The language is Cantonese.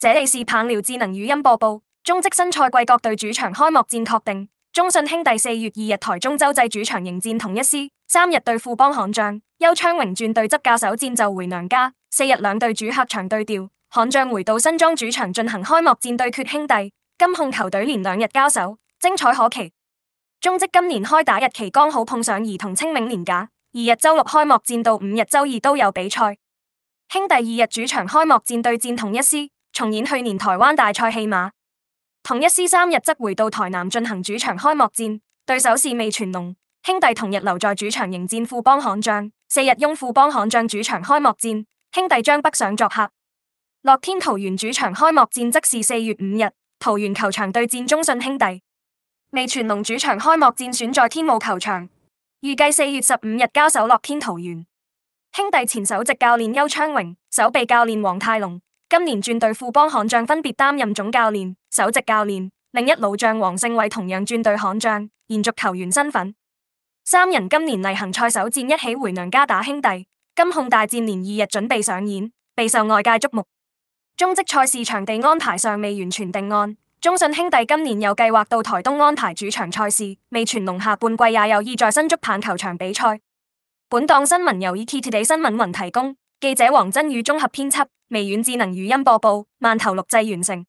這裏是棒聊智能語音播報。中職新賽季各隊主場開幕戰確定，中信兄弟四月二日台中洲際主場迎戰統一獅，三日對富邦悍將，丘昌榮轉隊執教首戰就回娘家。四日兩隊主客場對調，悍將回到新莊主場進行開幕戰對決兄弟。金控球隊連兩日交手，精彩可期。中職今年開打日期剛好碰上兒童清明連假，二日周六開幕戰到五日周二都有比賽。兄弟二日主場開幕戰對戰統一獅。重演去年台灣大賽戲碼，統一獅三日則回到台南進行主場開幕戰，對手是味全龍，兄弟同日留在主場迎戰富邦悍將，四日擁富邦悍將主場開幕戰，兄弟將北上作客。樂天桃園主場開幕戰則是四月五日，桃園球場對戰中信兄弟。味全龍主場開幕戰選在天母球場，預計四月十五日交手樂天桃園。兄弟前首席教練丘昌榮，守備教練王泰龍。今年轉隊富邦悍將分別擔任總教練、首席教練，另一老將王勝偉同樣轉隊悍將，延續球員身份。三人今年例行賽首戰一起回娘家打兄弟，金控大戰連二日準備上演，備受外界矚目。中職賽事場地安排尚未完全定案，中信兄弟今年有計劃到台東安排主場賽事，味全龍下半季也有意在新竹棒球場比賽。本檔新聞由 ETtoday 新聞雲提供。記者王真宇綜合編輯，微軟智能語音播報，饅頭錄製完成。